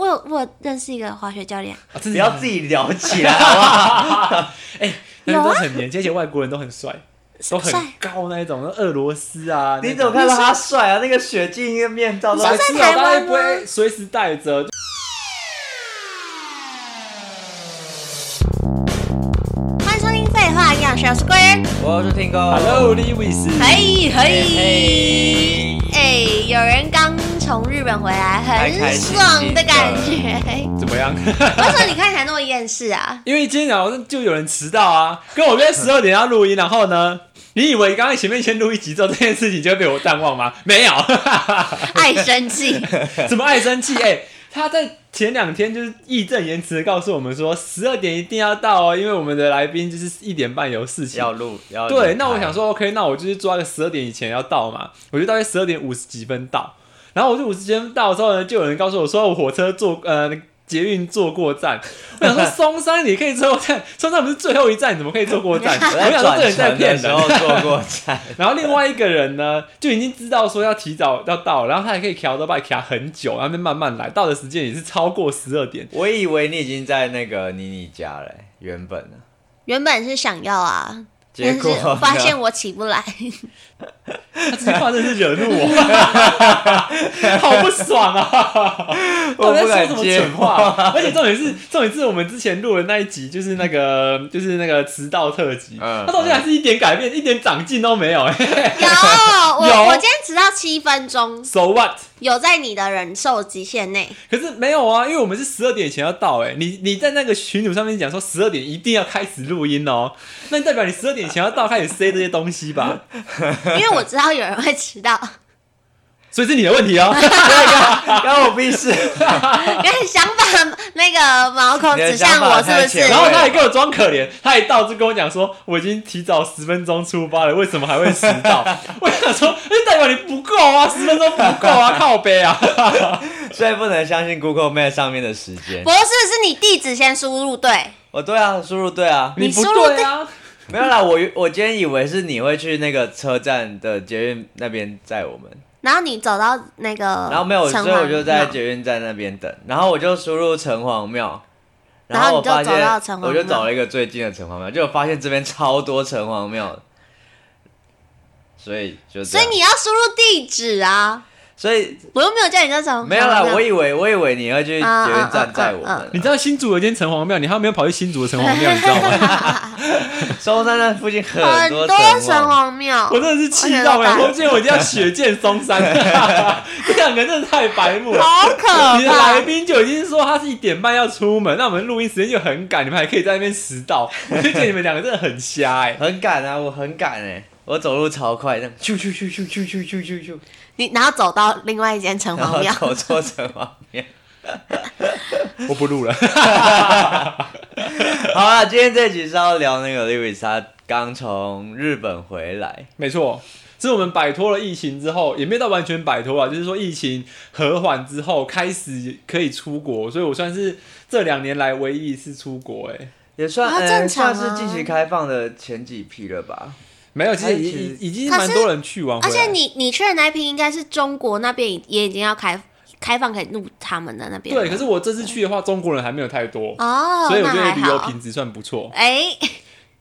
我有，我認識一個滑雪教練。你、啊、要自己了解、啊。來 不好，好 哎、欸，有啊，很年輕，外國人都很帥，都很高那一種，俄羅斯啊。你怎麼看到他帥啊？ 那個雪鏡、的面罩都還是。我在台灣。不會隨時帶着。歡迎收聽《廢話營養學》。我是天哥。Hello，Liwis。嘿，嘿，嘿。哎，有人剛。從日本回來很爽的感覺，怎麼樣？為什麼你看起來那麼厭世啊？因為今天早上就有人遲到啊， 跟我約十二點要錄音，然後呢，你以為剛才前面先錄一集之後這件事情就會被我淡忘嗎？沒有， 愛生氣，怎麼愛生氣？哎、欸，他在前兩天就是義正言辭的告訴我們說，十二點一定要到哦，因為我們的來賓就是一點半有事情要錄，對錄。那我想說，OK，那我就是抓個十二點以前要到嘛，我就大概十二點五十幾分到。然後我就五點到之後呢，就有人告訴我說，我火車坐呃捷運坐過站。我想說松山你可以坐過站， 松山不是最後一站，你怎麼可以坐過站？ 我想說這人在騙的，的。 然後另外一個人呢，就已經知道說要提早要到，然後他還可以調，到把調很久，然後慢慢來，到的時間也是超過十二點。我以為你已經在那個妮妮家嘞、欸，原本呢，原本是想要啊，結果但是發現我起不來。.他、啊、這句話真是惹怒我， 好不爽啊！我在說什麼蠢話、啊？ 而且重點是，重點是，我們之前錄的那一集就是那個， 就是那個遲到特輯。他 到現在還是一點改變、 一點長進都沒有、欸。有，我，我今天遲到七分鐘。So what？有在你的忍受極限內？可是沒有啊，因為我們是十二點前要到、欸。哎，你你在那個群組上面講說十二點一定要開始錄音哦。那代表你十二點前要到開始塞這些東西吧？ 因為我知道有人會遲到，所以是你的問題哦。剛 好我不是， 你想把那個毛孔指向我是不是？然後他還給我裝可憐， 他一到就跟我講說我已經提早十分鐘出發了，為什麼還會遲到？ 我想說，欸、代表你不夠啊，十分鐘不夠啊， 靠北啊！ 所以不能相信 Google Map 上面的時間。不是，是你地址先輸入對。我對啊，輸入對啊，你不對啊。沒有啦，我我今天以為是你會去那個車站的捷運那邊載我們，然後你走到那個，然後沒有，所以我就在捷運站那邊等，然後我就輸入城隍廟，然後我就發現，然後你就走到城隍廟，我就找了一個最近的城隍廟，就發現這邊超多城隍廟，所以就，所以你要輸入地址啊。所以我又沒有叫你叫什麼？沒有啦，我以為我以為你要去，你會站在我們、嗯嗯嗯嗯嗯。你知道新竹有間城隍廟，你還沒有跑去新竹的城隍廟，你知道嗎？ 松山那附近很多城隍廟，我真的是氣到沒，我今我一定要血濺松山。 你兩個真的太白目了，好可怕！ 你的來賓就已經說他是一點半要出門，那我們錄音時間就很趕，你們還可以在那邊遲到，我覺得你們兩個真的很瞎哎、欸，很趕啊，我很趕哎、欸。我走路超快，這樣咻咻咻咻咻咻、咻、咻、咻你然後走到另外一間城隍廟。走錯城隍廟。 我不錄錄了。 好了，今天這集是要聊那個 Liwis 他剛從日本回來。沒錯，是我們擺脫了疫情之後，也沒到完全擺脫啊，就是說疫情和緩之後開始可以出國，所以我算是這兩年來唯一一次出國、欸，哎，也算正常、啊呃、算是積極開放的前幾批了吧。沒有，其實已已經蠻多人去玩，而且你你去的那一批應該是中國那邊也已經要開開放，可以錄他們的那邊。對，可是我這次去的話，嗯、中國人還沒有太多哦，所以我覺得旅遊品質算不錯。哎、哦，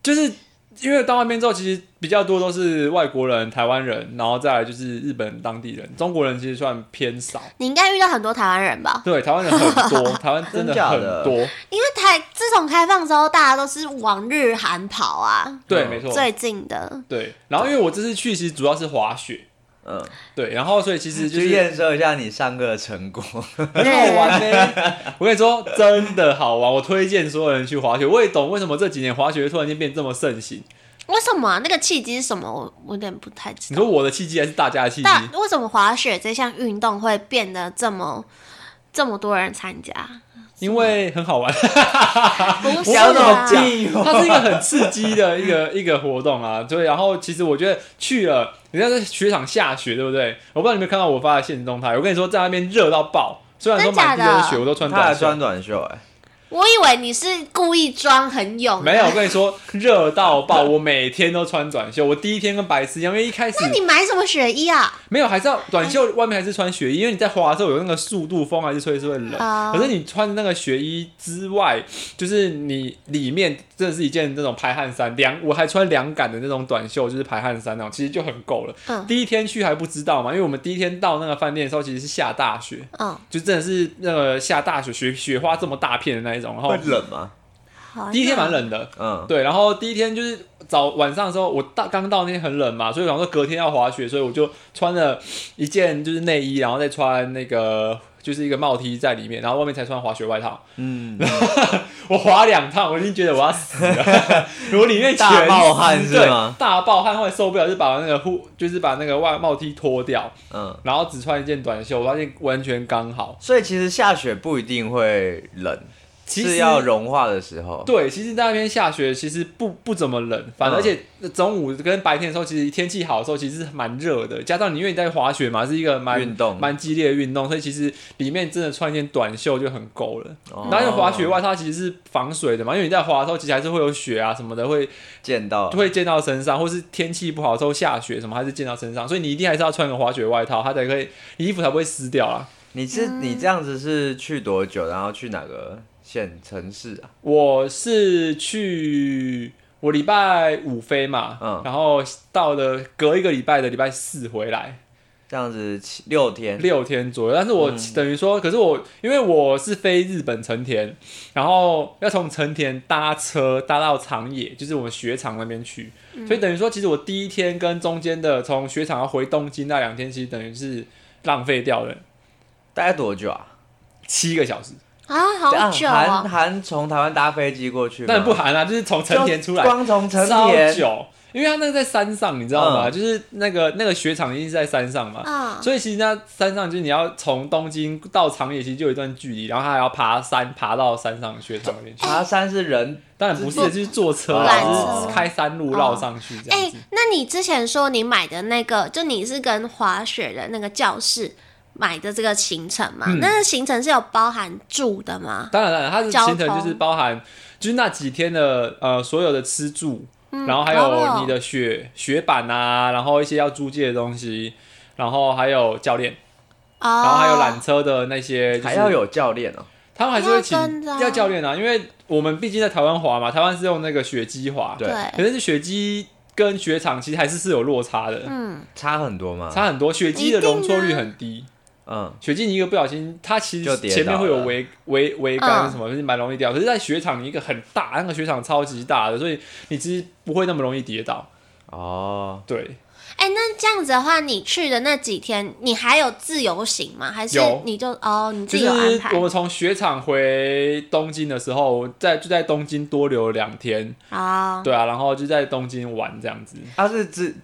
就是。 因為到外面之後，其實比較多都是外國人、台灣人，然後再來就是日本當地人、中國人，其實算偏少。你應該遇到很多台灣人吧？對，台灣人很多， 台灣真的很多。真的假的？因為台自從開放之後，大家都是往日韓跑啊。對，嗯、沒錯，最近的。對，然後因為我這次去，其實主要是滑雪。嗯，對，然後所以其實就是驗收一下你上個成果，好玩唄。 我跟你說，真的好玩。我推薦所有人去滑雪。我也懂為什麼這幾年滑雪突然間變這麼盛行。為什麼啊？那個契機是什麼？我我有點不太知道。你說我的契機還是大家的契機？但為什麼滑雪這項運動會變得這麼這麼多人參加？因為很好玩，哈哈哈哈哈！不曉是得、啊， 它是一個很刺激的一個 一個活動啊。對，然後其實我覺得去了，人家在雪場下雪，對不對？我不知道你有沒有看到我發的限時動態。我跟你說，在那邊熱到爆，雖然說滿地都是雪，我都穿短袖，我以為你是故意裝很勇，沒有，我跟你說，熱到爆，我每天都穿短袖。我第一天跟白痴一樣，因為一開始，那你買什麼雪衣啊？沒有，還是要短袖外面還是穿雪衣，因為你在滑的時候有那個速度風，還是吹是很冷，嗯。可是你穿那個雪衣之外，就是你裡面。這是一件那種排汗衫，涼我還穿涼感的那種短袖，就是排汗衫那種，其實就很夠了。嗯。第一天去還不知道嘛，因為我們第一天到那個飯店的時候，其實是下大雪。嗯。就真的是那個下大雪，雪雪花這麼大片的那一種，然後。會冷嗎？第一天蠻冷的。嗯。對，然後第一天就是早晚上的時候，我大剛到那天很冷嘛，所以我說隔天要滑雪，所以我就穿了一件就是內衣，然後再穿那個。就是一個帽 T 在裡面，然後外面才穿滑雪外套。嗯， 我滑兩趟，我已經覺得我要死了。如果 裡面全大爆汗是嗎？對，大爆汗會受不了，就把那個護，就是把那個外帽 T 脫掉。嗯，然後只穿一件短袖，我發現完全剛好。所以其實下雪不一定會冷。是要融化的時候，對，其實在那邊下雪，其實不不怎麼冷，反而且中午跟白天的時候，其實天氣好的時候，其實蠻熱的。加上你因為你在滑雪嘛，是一個蠻運動、蠻激烈的運動，所以其實裡面真的穿一件短袖就很夠了、哦。然後因為滑雪外套其實是防水的嘛，因為你在滑的時候，其實還是會有雪啊什麼的會濺到，會濺到身上，或是天氣不好的時候下雪什麼還是濺到身上，所以你一定還是要穿個滑雪外套，它才可以衣服才不會濕掉啊。你是你這樣子是去多久，然後去哪個？縣城市啊，我是去我禮拜五飛嘛，嗯，然後到了隔一個禮拜的禮拜四回來，這樣子六天，六天左右。但是我等於說，嗯，可是我因為我是飛日本成田，然後要從成田搭車搭到長野，就是我們雪場那邊去，嗯，所以等於說，其實我第一天跟中間的從雪場要回東京那兩天，其實等於是浪費掉了。大概多久啊？七個小時。啊，好久啊，哦！韓從台灣搭飛機過去，但不韓啊，就是從成田出來，光從成田，因為他那個在山上，你知道嗎？嗯，就是那個那個雪場一定是在山上嘛，嗯，所以其實那山上就是你要從東京到長野，其實就有一段距離，然後他還要爬山，爬到山上雪場裡面去。爬山是人，當然不是，是，就是坐車，哦、是是開山路繞上去這樣子。哎，哦欸，那你之前說你買的那個，就你是跟滑雪的那個教室。買的這個行程嘛、嗯，那個行程是有包含住的嗎？當然當然，它的行程就是包含，就是那幾天的呃所有的吃住、嗯，然後還有你的雪雪板啊，然後一些要租借的東西，然後還有教練，哦、然後還有纜車的那些、就是，還要有教練哦，他們還是會請要,要教練啊，因為我們畢竟在台灣滑嘛，台灣是用那個雪機滑對，對，可是是雪機跟雪場其實還是是有落差的，嗯，差很多嘛，差很多，雪機的容錯率很低。嗯，雪鏡一個不小心，它其實前面會有圍圍圍桿什麼，就是蠻容易掉。可是，在雪場一個很大，那個雪場超級大的，所以你其實不會那麼容易跌倒。哦，對。哎、欸，那這樣子的話，你去的那幾天，你還有自由行嗎？還是你就哦，你自己安排？就是、我從雪場回東京的時候，在就在東京多留了兩天。啊、哦，對啊，然後就在東京玩這樣子。他、啊、是自，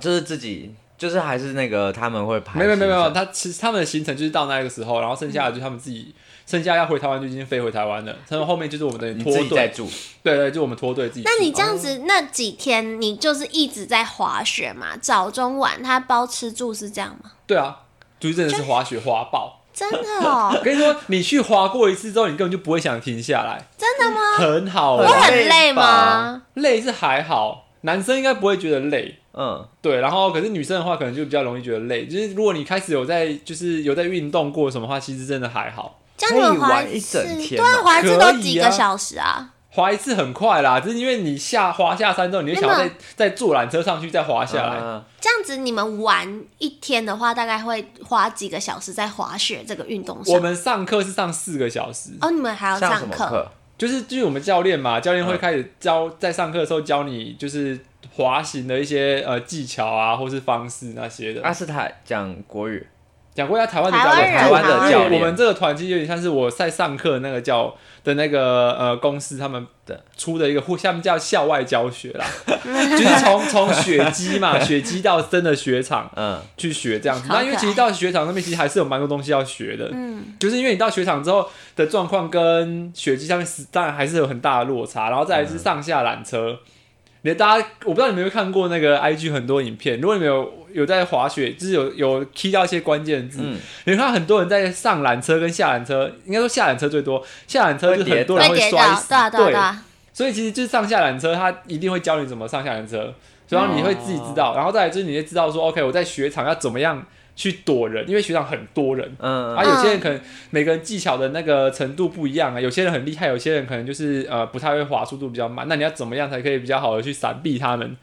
就是，是，是自己。就是還是那個他們會拍，沒有沒有沒有，他其實他們的行程就是到那個時候，然後剩下的就他們自己、嗯，剩下要回台灣就已經飛回台灣了。他們後，後面就是我們的拖隊自己在住。對，對對，就我們拖隊自己。那你這樣子、嗯、那幾天，你就是一直在滑雪嘛？早中晚他包吃住是這樣嗎？對啊，就是真的是滑雪滑爆。真的哦，我 跟你說，你去滑過一次之後，你根本就不會想停下來。真的嗎？很好玩。很累，我很累嗎？累是還好，男生應該不會覺得累。嗯，對，然後可是女生的話，可能就比較容易覺得累。就是如果你開始有在，就是有在運動過什麼話，其實真的還好。這樣你滑一次，可以玩一整天？啊，對，滑一次都幾個小時啊。啊？滑一次很快啦，就是因為你下滑下山之後你，你就想再再坐纜車上去，再滑下來。嗯啊。這樣子你們玩一天的話，大概會花幾個小時在滑雪這個運動上。我們上課是上四個小時哦。你們還要上課？什麼課？就是就是我們教練嘛，教練會開始教，在上課的時候教你就是。滑行的一些呃技巧啊，或是方式那些的。阿是台講國語，講國家台灣台灣的教練。我們這個團其實有點像是我在上課那個叫的那個呃公司他們的出的一個，下面叫校外教學啦， 就是從從從 雪機嘛雪機到真的雪場嗯去學這樣子，嗯。那因為其實到雪場上面其實還是有蠻多東西要學的，嗯，就是因為你到雪場之後的狀況跟雪機上面是當然還是有很大的落差，然後再來是上下纜車。你大家，我不知道你們有沒有看過那個 IG 很多影片。如果你們有有在滑雪，就是有有 key 到一些關鍵字。嗯、你有有看到很多人在上纜車跟下纜車，應該說下纜車最多。下纜車就很多人會摔死，會跌到，會跌到，對，會跌到，對，會跌到。所以其實就是上下纜車，他一定會教你怎麼上下纜車，然後你會自己知道、哦。然後再來就是你會知道說，OK，我在雪場要怎麼樣。去躲人，因為雪場很多人，嗯，啊，有些人可能每個人技巧的那個程度不一樣啊，嗯、有些人很厲害，有些人可能就是呃不太會滑，速度比較慢。那你要怎麼樣才可以比較好的去閃避他們？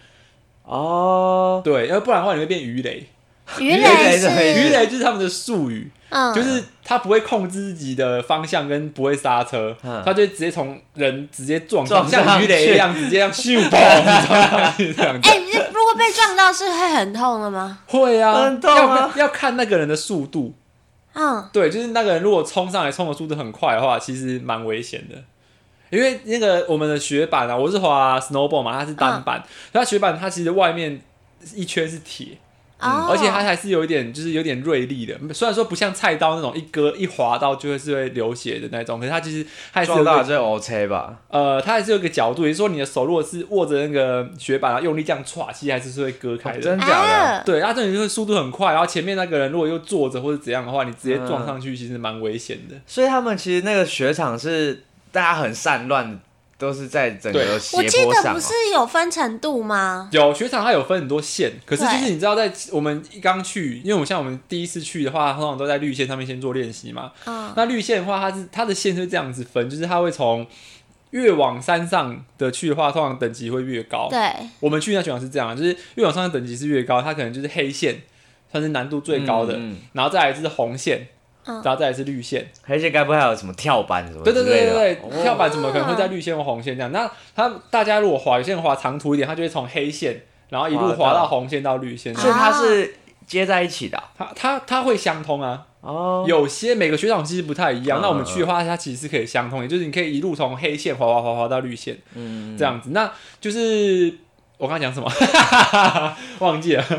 哦，對，要不然的話你會變魚雷，魚雷是魚雷就是他們的術語，嗯，就是他不會控制自己的方向跟不會剎車、嗯，他就直接從人直接撞撞像魚雷一樣 直接 撞這樣咻跑、欸，你知道嗎？哎，被撞到是會很痛的嗎？會啊，很痛啊。要，要看那個人的速度。嗯，對，就是那個人如果衝上來衝的速度很快的話，其實蠻危險的，因為那個我們的雪板啊，我是滑 snowboard 嘛，它是單板，它、嗯、雪板它其實外面一圈是鐵。嗯嗯、而且它還是有一點，就是有點銳利的。雖然說不像菜刀那種一割一劃到就會是會流血的那種，可是它其實它還是撞到是 OK 吧。呃，它還是有個角度，你說你的手如果是握着那個雪板，然後用力這樣踹，其實還是是會割開的。哦、真的假的？啊、對，它這裡就是速度很快，然後前面那個人如果又坐着或者怎樣的話，你直接撞上去其實蠻危險的、嗯。所以他們其實那個雪場是大家很散亂的。都是在整個斜坡上、啊、我記得不是有分程度嗎？有，雪場，它有分很多線。可是就是你知道，在我們剛去，因為我像我們第一次去的話，通常都在綠線上面先做練習嘛、嗯。那綠線的話，它是它的線是這樣子分，就是它會從越往山上的去的話，通常等級會越高。對，我們去那雪場是這樣，就是越往上的等級是越高，它可能就是黑線算是難度最高的、嗯，然後再來就是紅線。然、啊、後再來是綠線。黑線該不會還有什麼跳板什麼？對對對對、哦、跳板怎麼可能會在綠線和紅線這樣？哦、那他大家如果滑，有、啊、些滑長途一點，他就會從黑線，然後一路滑到紅線到綠線、啊啊，所以它是接在一起的、啊啊。它它它會相通啊！哦，有些每個雪場其實不太一樣。哦、那我們去的話，它其實是可以相通，的、嗯，就是你可以一路從黑線滑，滑滑滑滑到綠線，嗯，這樣子，嗯、那就是。我剛剛講什麼？ 忘記了。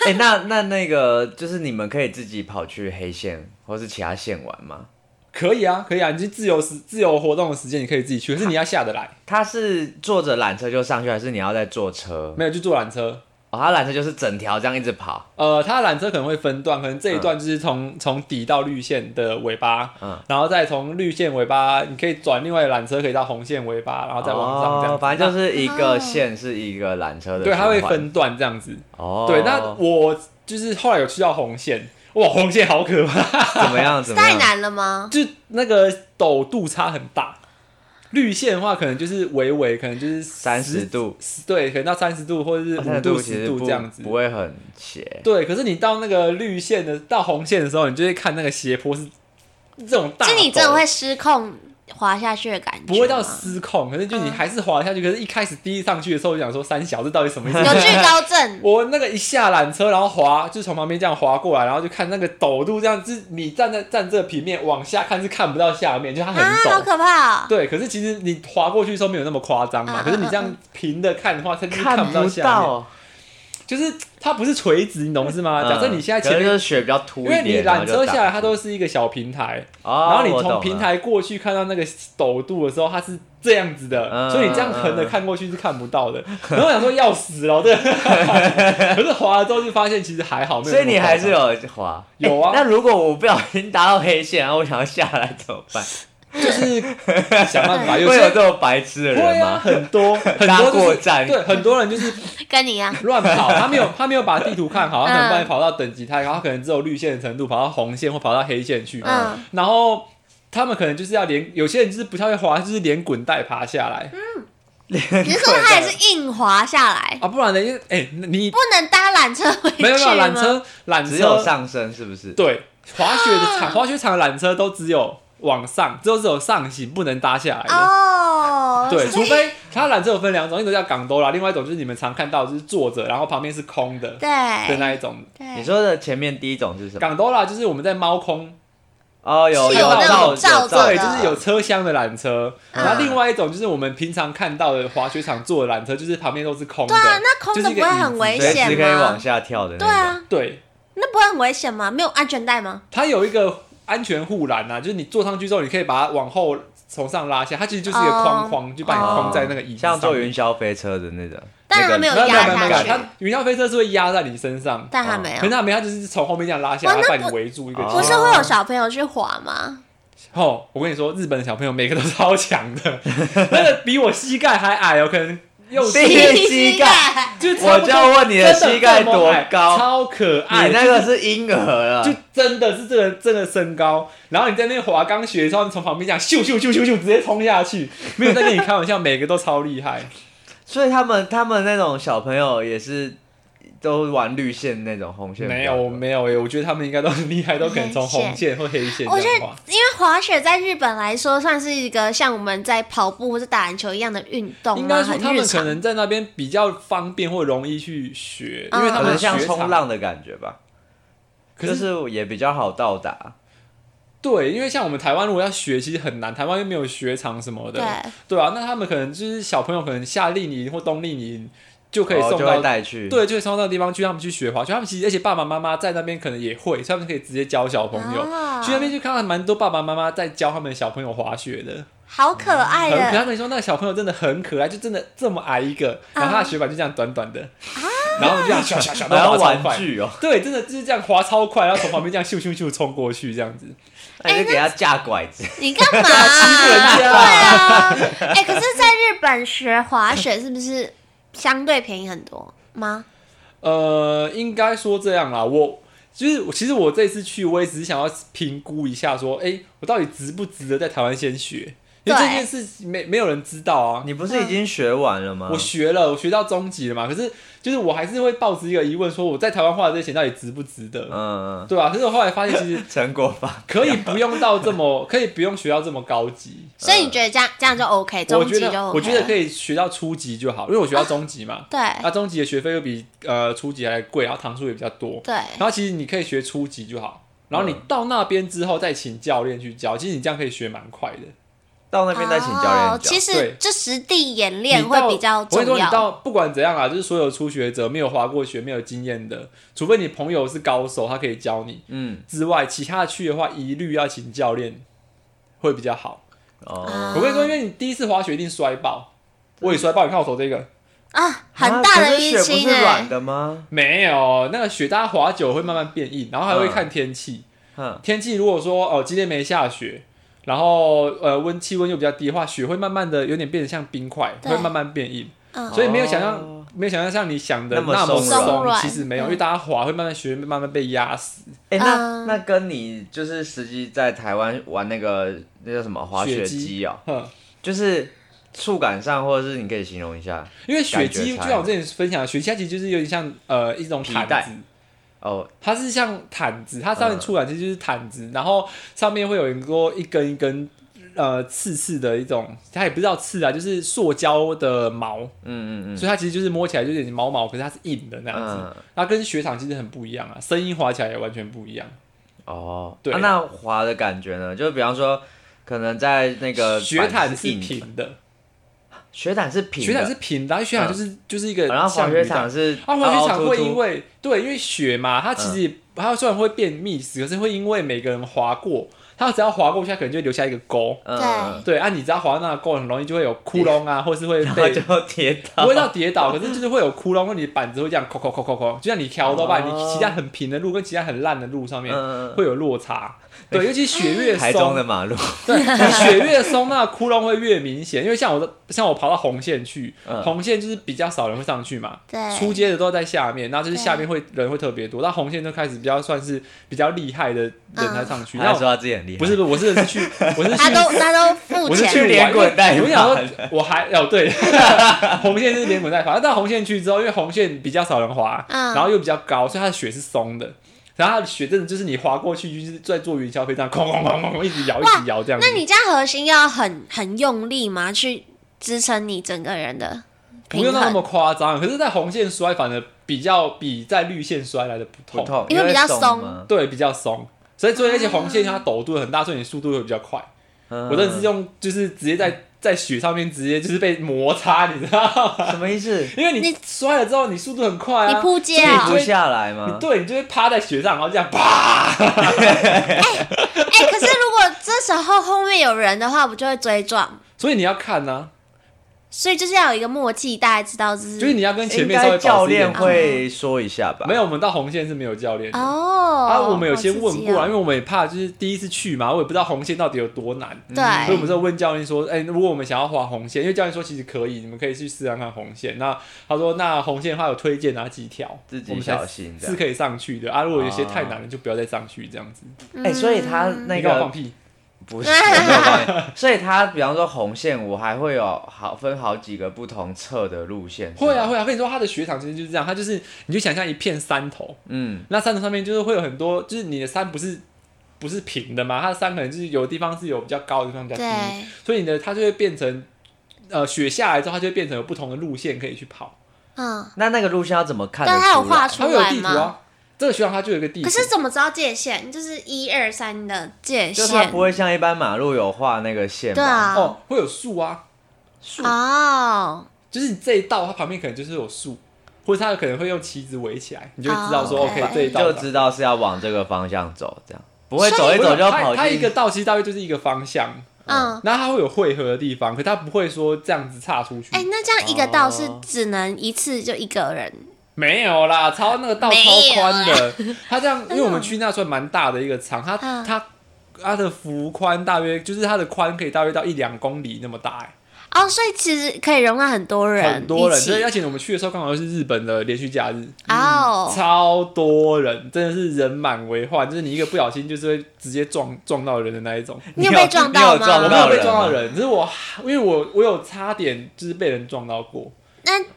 哎、欸，那那那個，就是你們可以自己跑去黑線或是其他線玩嗎？可以啊，可以啊，你去自由時自由活動的時間，你可以自己去，可是你要下得來。他是坐着纜車就上去，還是你要再坐車？沒有，就坐纜車。哦，它纜車就是整條這樣一直跑。呃，它纜車可能會分段，可能這一段就是從從、嗯、底到綠線的尾巴，嗯，然後再從綠線尾巴，你可以轉另外纜車可以到紅線尾巴，然後再往上這樣子。反、哦、正就是一個線是一個纜車的。對，它會分段這樣子。哦，對，那我就是後來有去到紅線，哇，紅線好可怕， 怎麼樣？怎麼太難了嗎？就那個陡度差很大。綠線的話，可能就是微微，可能就是三十度，對，可能到三十度或者是五度、十度，度這樣子，不，不會很斜。對，可是你到那個綠線的、到紅線的時候，你就會看那個斜坡是這種大坡，其實你真的會失控。滑下去的感覺，不會到失控，可是就你還是滑下去。嗯、可是，一開始第一上去的時候，我就想說三小，這到底什麼意思？有懼高症。 我那個一下纜車，然後滑，就從旁邊這樣滑過來，然後就看那個陡度這樣子。就你站在站這個平面往下看是看不到下面，就它很陡，啊，好可怕，哦，對，可是其實你滑過去的時候沒有那麼誇張嘛、啊。可是你這樣平的看的話，它就是看不到下面。啊啊啊啊啊啊。就是它不是垂直，你懂是嗎？假設你現在前面、嗯、是就是雪比較突，因為你纜車下來，它都是一個小平台，然然平台、哦，然後你從平台過去看到那個陡度的時候，它是這樣子的，嗯、所以你這樣橫着看過去是看不到的。嗯、然後我想說要死了，對， 可是滑了之後就發現其實還好，所以你還是有滑、欸，有啊。那如果我不小心打到黑線，然後我想要下來怎麼辦？ 就是 想辦法，有會有這麼白痴的人嗎？啊、 很多，很多、就是、對很多人就是跟你一樣亂跑，他沒有他沒有把地圖看好，他可能把跑到等級太高，他可能只有綠線的程度，跑到紅線或跑到黑線去。嗯、然後他們可能就是要連有些人就是不太會滑，就是連滾帶爬下來。嗯， 你是說他也是硬滑下來 啊，不然呢，因為哎、欸、你不能搭纜車回去，沒有沒有纜車，纜車只有上升是不是？對，滑雪的場、啊、滑雪場的纜車都只有。往上，只有有上行，不能搭下來的。哦、oh。對，除非它纜車有分兩種，一種叫港兜啦，另外一種就是你們常看到就是坐着，然後旁邊是空的。對。的那一種。你說的前面第一種是什麼？港兜啦，就是我們在貓空，哦、oh, 有有有有對，就是有車廂的纜車、嗯。然後另外一種就是我們平常看到的滑雪場坐的纜車，就是旁邊都是空的。對啊，那空都不會很危險嗎？就是、是可以往下跳的。對啊。對。那不會很危險嗎？沒有安全帶嗎？它有一個。安全護欄吶，就是你坐上去之後，你可以把它往後從上拉下，它其實就是一個框框，就把你框在那個椅子上。哦。像坐雲霄飛車的那種，但它沒有壓下去。它雲霄飛車是會壓在你身上，但它沒有。可是它沒有，它就是從後面這樣拉下來，把你圍住。一個。不是會有小朋友去滑嗎？哦，我跟你說，日本的小朋友每個都超強的， 那個比我膝蓋還矮哦，可能。用膝蓋，我就要問你的膝蓋多高？超可愛，你那個是嬰兒啊，就是，就真的是這個這個身高。然後你在那滑鋼雪的時候，從旁邊這樣咻咻咻咻咻咻直接衝下去，沒有在跟你開玩笑，每個都超厲害。所以他們他們那種小朋友也是。都玩綠線那種紅線？沒有沒有，哎，我覺得他們應該都很厲害，都可能從紅線或黑線。 我覺得因為滑雪在日本來說，算是一個像我們在跑步或者打籃球一樣的運動，啊，應該說他們可能在那邊比較方便或容易去學，嗯、因為他們像衝、嗯、浪的感覺吧。可，就是也比較好到達，嗯。對，因為像我們台灣如果要學，其實很難，台灣又沒有雪場什麼的。對，對啊。那他們可能就是小朋友，可能夏令營或冬令營。就可以送到帶、oh, 去，對，就可以送到那個地方去。他們去學滑雪，他們其實而且爸爸媽媽在那邊可能也會，所以他們可以直接教小朋友去、oh. 那邊去看，還蠻多爸爸媽媽在教他們小朋友滑雪的，好可愛的。嗯、可他們說那個小朋友真的很可愛，就真的這麼矮一個，uh. 然後他的雪板就這樣短短的，uh. 然後就這樣小，然、uh. 後玩具哦，對，真的就是這樣滑超快，然後從旁邊這樣咻咻咻衝過去這樣子， 那就給他架拐子，欸、 你幹嘛、啊？ 對啊，哎、 欸，可是在日本學滑雪是不是？相對便宜很多嗎？呃，應該說這樣啦。我其實、就是，其實我這次去，我也只是想要評估一下，說，誒、欸，我到底值不值得在台灣先學。因為這件事沒沒有人知道啊！你不是已經學完了嗎？嗯、我學了，我學到中級了嘛。可是就是我還是會抱持一個疑問，說我在台灣花的這些錢到底值不值得？嗯，嗯對吧、啊？可是我後來發現，其實國可以不用到這麼， 可以不用學到這麼高級。 嗯、所以你覺得這樣這樣就 OK？中級就 OK 我覺得我覺得可以學到初級就好，因為我學到中級嘛。對啊，中級、啊、的學費又比呃初級還貴，然後堂數也比較多。對，然後其實你可以學初級就好，然後你到那邊之後再請教練去教、嗯，其實你這樣可以學蠻快的。到那邊再請教練教，對，oh, 其實這實地演練會比較重要。我跟你說，你到不管怎樣啊，就是所有初學者沒有滑過雪、沒有經驗的，除非你朋友是高手，他可以教你，嗯，之外，其他去的話一律要請教練會比較好。哦、oh.，我跟你說，因為你第一次滑雪一定摔爆，我也摔爆。你看我手這個啊，很大的淤青欸，軟的嗎？沒有，那個雪大家滑久會慢慢變硬，然後還會看天氣、嗯。嗯，天氣如果說哦，今天沒下雪。然後，呃，溫氣溫又比較低的話，雪會慢慢的有點變得像冰塊，會慢慢變硬、哦，所以沒有想象、哦，沒有想象像你想的那麼鬆軟，那麼鬆軟，鬆軟其實沒有、嗯，因為大家滑會慢慢雪慢慢被壓死。哎、欸嗯，那那跟你就是實際在台灣玩那個那叫什麼滑雪機啊、哦？就是觸感上或者是你可以形容一下，因為雪機，就像我之前分享，的，雪機其實就是有點像呃一種皮帶，皮帶哦、oh，它是像毯子，它上面觸感其實就是毯子，嗯，然後上面會有一個一根一根，呃，刺刺的一種，它也不知道刺啊，就是塑膠的毛，嗯嗯嗯，所以它其實就是摸起來就是毛毛，可是它是硬的那樣子，它、嗯、跟雪場其實很不一樣啊，聲音滑起來也完全不一樣。哦、oh，對、啊，那滑的感覺呢？就比方說，可能在那個雪毯是平的。雪毯是平的，雪毯是平的，啊，的，雪毯就是、嗯、就是一個。然後滑雪場是，啊滑雪場會因為吐吐，對，因為雪嘛，它其實、嗯、它雖然會變密實，可是會因為每個人滑過，它只要滑過一下，它可能就會留下一個溝。對、嗯。對，啊，你只要滑到那溝，很容易就會有窟窿啊，或是會被就跌倒，不會到跌倒，嗯、可是就是會有窟窿，因 你板子會這樣，扣扣扣扣扣，就像你挑的話，你騎在很平的路跟騎在很爛的路上面會有落差。嗯對，尤其雪越鬆的馬路，對，雪越鬆，那窟窿會越明顯。 因為像我，像我跑到紅線去，紅線就是比較少人會上去嘛，對、嗯，出街的都在下面，那就是下面會人會特別多，到紅線就開始比較算是比較厲害的人才上去。嗯、然後他說他自己很厲害，不是不是，我是去，我是去他都他都付錢，我是去連滾帶爬。我說，我還哦對， 紅線就是連滾帶爬。反正到紅線去之後，因為紅線比較少人滑、嗯，然後又比較高，所以它的雪是鬆的。然後雪真的就是你滑過去就是在做雲霄飛車這樣，哐哐哐哐，一直搖一直搖這樣子。那你這樣核心要很很用力嗎？去支撐你整個人的？不用那麼誇張，可是在紅線摔，反而比較比在綠線摔來，來的不痛，不痛，因為比較鬆，鬆對，比較鬆。所以做那些紅線，它陡度很大，所以你速度會比較快。嗯，我真的是用就是直接在，在雪上面直接就是被摩擦，你知道嗎？什麼意思？因為你摔了之後，你速度很快啊，你撲不下來嗎？你對你就會趴在雪上，然後這樣啪。哎 哎 欸欸，可是如果這時候後面有人的話，不就會追撞？所以你要看呢、啊。所以就是要有一個默契，大家知道就是，就是你要跟前面稍微保持一點安全。教練會說一下吧。沒有，我們到紅線是沒有教練的哦。Oh, 啊，我們有先問過啊、哦，因為我們也怕就是第一次去嘛，我也不知道紅線到底有多難。對。所以我們就問教練說：“哎、欸，如果我們想要滑紅線，因為教練說其實可以，你們可以去試看看紅線。那”那他說：“那紅線的話有推薦哪、啊、幾條？自己不小心。是可以上去的啊。如果有些太難了，就不要再上去這樣子。欸”哎，所以他那個。放屁。不是，那個、 所以它比方說紅線，我還會有好分好幾個不同側的路線？會啊會啊，我、啊、跟你說，它的雪場其實就是這樣，它就是你就想象一片山頭，嗯，那山頭上面就是會有很多，就是你的山不是不是平的嘛，它的山可能就是有的地方是有比較高的地方，比較低，所以你的它就會變成呃雪下來之後，它就會變成有不同的路線可以去跑。嗯，那那個路線要怎麼看？但它有畫出來這個學校它就有一個地，可是怎麼知道界限？就是一二三的界限，就它、是、不會像一般馬路有畫那個線吧？對啊、哦，會有樹啊，樹哦。Oh. 就是你這一道，它旁邊可能就是有樹，或者它有可能會用旗子圍起來，你就會知道說、oh, OK，這、okay, 一道就知道是要往這個方向走，這樣不會走一走就要跑。它一個道其實大約就是一個方向，嗯、oh.，然後它會有匯合的地方，可它不會說這樣子岔出去。哎、欸，那這樣一個道是只能一次就一個人？Oh. 沒有啦，超那個道超寬的、啊，它這樣，因為我們去那算蠻大的一個場、嗯、它它它的幅寬大約就是它的寬可以大約到一兩公里那麼大、欸，哦，所以其實可以容納很多人，很多人，以、就是、而且我們去的時候剛好是日本的連續假日、嗯，哦，超多人，真的是人滿為患，就是你一個不小心就是會直接撞撞到人的那一種，你有被撞到嗎？你有撞到人嗎？我沒有被撞到人，就是我因為我我有差點就是被人撞到過。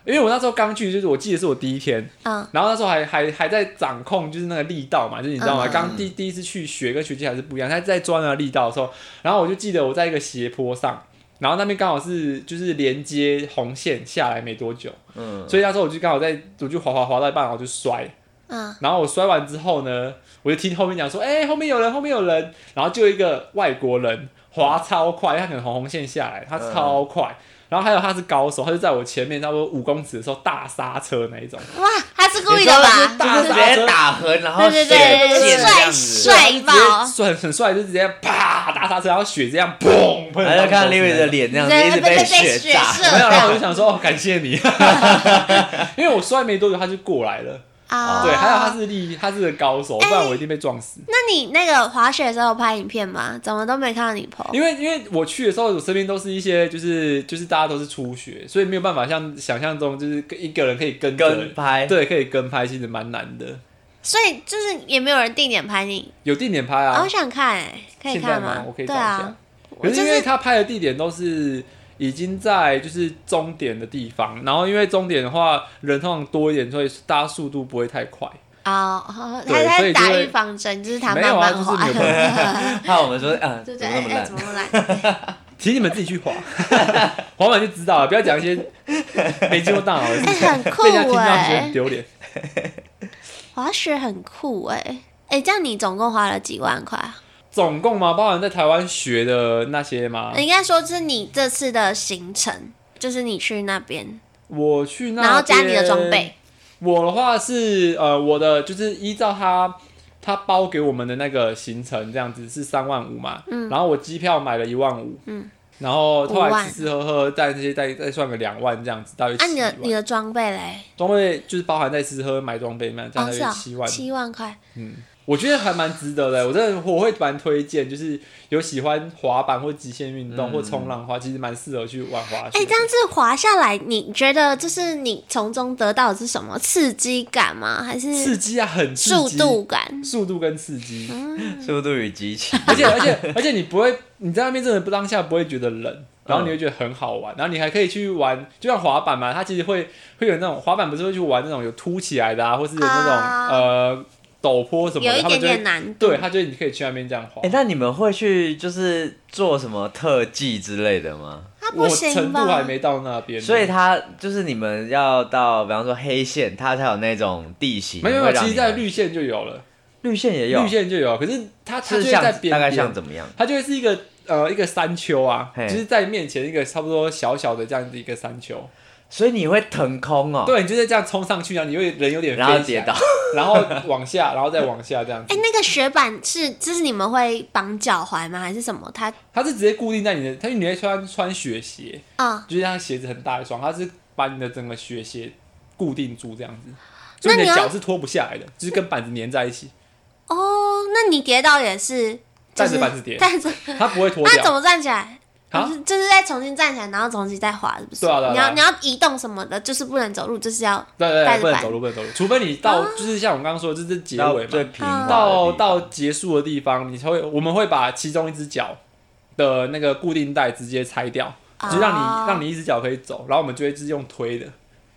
因為我那時候剛去，就是我記得是我第一天，嗯，然後那時候還還還在掌控就是那個力道嘛，就是你知道嗎？剛、嗯、第第一次去學跟學習還是不一樣，他在鑽那個力道的時候，然後我就記得我在一個斜坡上，然後那邊剛好是就是連接紅線下來沒多久，嗯，所以那時候我就剛好在我就滑滑滑到一半，我就摔，嗯，然後我摔完之後呢，我就聽後面講說，哎、欸，後面有人，後面有人，然後就一個外國人滑超快，他可能從紅線下來，他超快。嗯。然後還有他是高手，他就在我前面差不多五公尺的時候大剎車那一種。哇，他是故意的吧？是大剎車、就是、直接打橫，然後雪對對，對對，就是、子，帥帥，很很帥，就直接啪打剎車，然後雪這樣砰砰。我在看 Liwis 的臉那樣，一直被雪。沒有了，我就想說，哦，哦，就想說哦，感謝你， 因為我摔沒多久他就過來了。啊、oh.，對，還有他是一，他是個高手。不、欸、然我一定被撞死。那你那個滑雪的時候拍影片嗎？怎麼都沒看到你拍？因為因為我去的時候，我身邊都是一些就是就是大家都是初學，所以沒有辦法像想象中就是一個人可以跟跟拍，對，可以跟拍，其實蠻難的。所以就是也沒有人定點拍你。有定點拍啊。哦、我想看、欸，哎，可以看嗎，嗎？我可以看一下、啊。可是因為他拍的地點都是。已經在就是終點的地方，然後因為終點的話人通常多一點，所以大家速度不會太快啊、oh, oh,。他在打預防針就，就是他慢慢滑。沒有我、啊就是、 們說啊，就講哎，怎麼來麼？其、欸、麼麼 請你們自己去滑， 滑完就知道了。不要講一些沒經過大腦，哎、欸，很酷哎、欸，滑雪很酷哎、欸、哎、欸，這樣你總共花了幾萬塊？總共嗎？包含在台灣學的那些嗎？你應該說，是你這次的行程，就是你去那邊，我去那，然後加你的裝備。我的話是，呃，我的就是依照他他包給我們的那個行程，這樣子是三萬五嘛。嗯。然後我機票買了一萬五。嗯。然後後來吃吃喝喝再這些，再再算個兩萬這樣子，大約七萬。啊你，你的你的裝備嘞？裝備就是包含在吃喝買裝備嘛，這樣子七萬七萬塊。嗯。我覺得還蠻值得的，我真的我會蠻推薦，就是有喜歡滑板或極限運動或衝浪的話，其實蠻適合去玩滑雪。哎、嗯欸，這樣子滑下來，你覺得就是你從中得到的是什麼刺激感嗎？還是速度感？刺激啊，很刺激，速度感，速度跟刺激，速度與激情。而且而且而且你不會，你在那邊真的不當下不會覺得冷，然後你會覺得很好玩，嗯，然後你還可以去玩，就像滑板嘛，它其實會會有那種滑板不是會去玩那種有凸起來的啊，或是有那種、啊、呃。陡坡什麼的？有一點點難度。對，他覺得你可以去那邊這樣滑。哎、欸，那你們會去就是做什麼特技之類的嗎？他不行吧？我程度還沒到那邊。所以他就是你們要到，比方說黑線，他才有那種地形。沒有沒有，其實在綠線就有了，綠線也有，綠線就有。可是他是像他就會在邊邊，大概像怎麼樣？他就會是一個呃一個山丘啊嘿，就是在面前一個差不多小小的這樣子一個山丘。所以你會騰空哦？對，你就是這樣衝上去，然後你會人有點然後跌倒， 然後往下，然後再往下這樣子。哎、欸，那個雪板是，就是你們會綁腳踝嗎？還是什麼？它它是直接固定在你的，因為你會穿穿雪鞋啊、哦，就是它鞋子很大一雙，它是把你的整個雪鞋固定住這樣子，所以你的腳是脫不下來的，就是跟板子粘在一起。哦，那你跌倒也是？帶着板子跌，帶着它不會脫掉。那怎麼站起來？是，就是再重新站起來，然後重新再滑，是不是？對啊，啊啊、你要你要移動什麼的，就是不能走路，就是要。對，對對，不能走路，不能走路，除非你到，啊、就是像我剛剛說的，就是這結尾嘛、啊，到到結束的地方，你會，我們會把其中一隻腳的那個固定帶直接拆掉，就讓你、啊、讓你一隻腳可以走，然後我們就會就是用推的。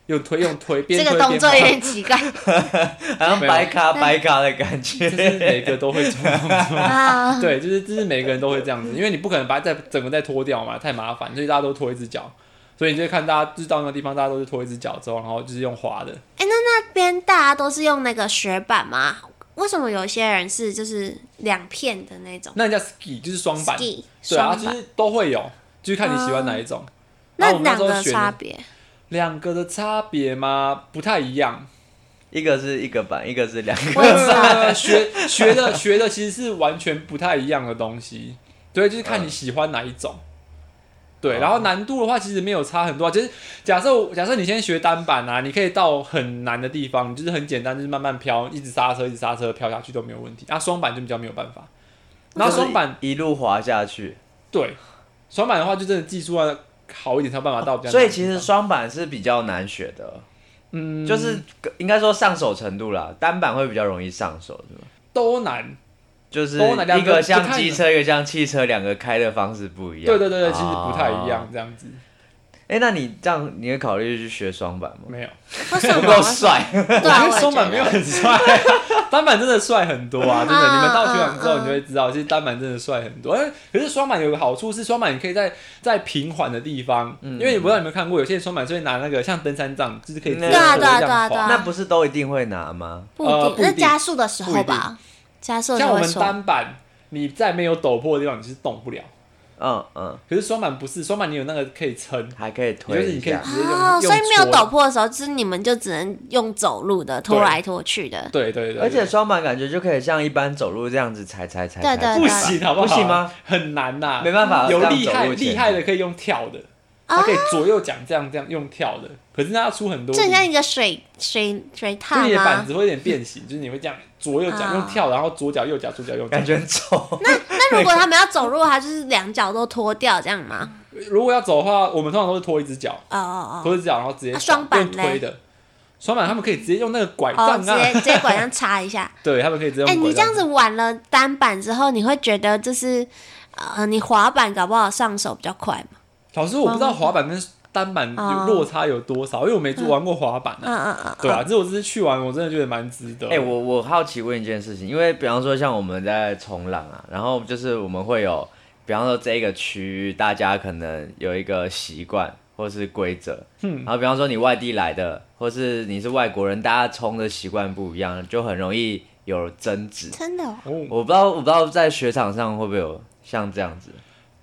用推用推，這個動作也很奇怪， 好像白卡 白卡咖 的感覺。 是每個都會做動作， 對，就是就是每個人都會這樣子，因為你不可能把在整個再脫掉嘛，太麻煩，所以大家都脫一隻腳，所以你就看大家知道那個地方，大家都是脫一隻腳之後，然後就是用滑的。哎、欸，那那邊大家都是用那個雪板嗎？為什麼有些人是就是兩片的那種？那叫 ski，就是雙板。ski 對啊，其實、啊就是、都會有，就是看你喜歡哪一種。嗯啊、那兩個差別？兩個的差別嗎？不太一樣，一個是一個板，一個是兩個板， 學學的學的其實是完全不太一樣的東西。對，就是看你喜歡哪一種。對，嗯、然後難度的話，其實沒有差很多、啊。就是假設假設你先學單板啊，你可以到很難的地方，就是很簡單，就是慢慢飄，一直剎車，一直剎車，飄下去都沒有問題。啊，雙板就比較沒有辦法，然後雙板、就是、一路滑下去。對，雙板的話就真的技術啊。好一點他辦法到比較、哦，所以其實雙板是比較難學的。嗯，就是應該說上手程度啦，單板會比較容易上手，是吧？都難，就是一個像機車，一個像汽車，兩個開的方式不一樣，對對對對、哦，其實不太一樣這樣子。欸，那你這樣，你會考慮去學雙板嗎？沒有，不夠帥。 我覺得雙板沒有很帥， 單板真的帥很多啊！嗯、真的、嗯真的嗯，你們到學完之後，你就會知道，嗯、其實單板真的帥很多。欸、可是雙板有個好處是，雙板你可以在在平緩的地方，嗯、因為我不知道你們看過，有些雙板就會拿那個像登山杖，就是可以、嗯、那個、樣，對啊對啊對啊對啊，那不是都一定會拿嗎？不定，是、呃、加速的時候吧，加速。像我們單板，你在沒有陡坡的地方，你是動不了。嗯嗯，可是雙板不是雙板，你有那個可以撐，還可以推，就是你可以啊、oh,，所以沒有陡坡的時候，就是你們就只能用走路的拖來拖去的，對對對，對，而且雙板感覺就可以像一般走路這樣子踩踩踩，踩，踩，踩，對對，對對，不行好不好？不行嗎？很難吶、啊嗯，沒辦法，有厲害厲害的可以用跳的。它可以左右腳這樣這樣用跳的，可是它要出很多力。正像一個水水水套嘛。就你的板子會有點變形， 就是你會這樣左右腳用跳，然後左腳右腳左腳右腳，感覺很醜。那那如果他們要走路， 他就是兩腳都脫掉這樣嗎？如果要走的話，我們通常都是脫一隻腳，脫、oh, oh, oh. 一隻腳，然後直接雙、啊、板推的雙板，他們可以直接用那個拐杖、啊，oh, 直接直接拐杖插一下。 對他們可以直接用拐杖。哎、欸，你這樣子玩了單板之後， 你會覺得就是呃，你滑板搞不好上手比較快嘛？老師，我不知道滑板跟單板有落差有多少，啊、因為我沒玩過滑板啊。嗯、對啊，嗯、這我這次去玩，我真的覺得蠻值得。哎、欸，我我好奇問一件事情，因為比方說像我們在衝浪啊，然後就是我們會有，比方說這個區域大家可能有一個習慣或是規則，嗯，然後比方說你外地來的，或是你是外國人，大家衝的習慣不一樣，就很容易有爭執。真的、哦？我不知道，我不知道在雪場上會不會有像這樣子。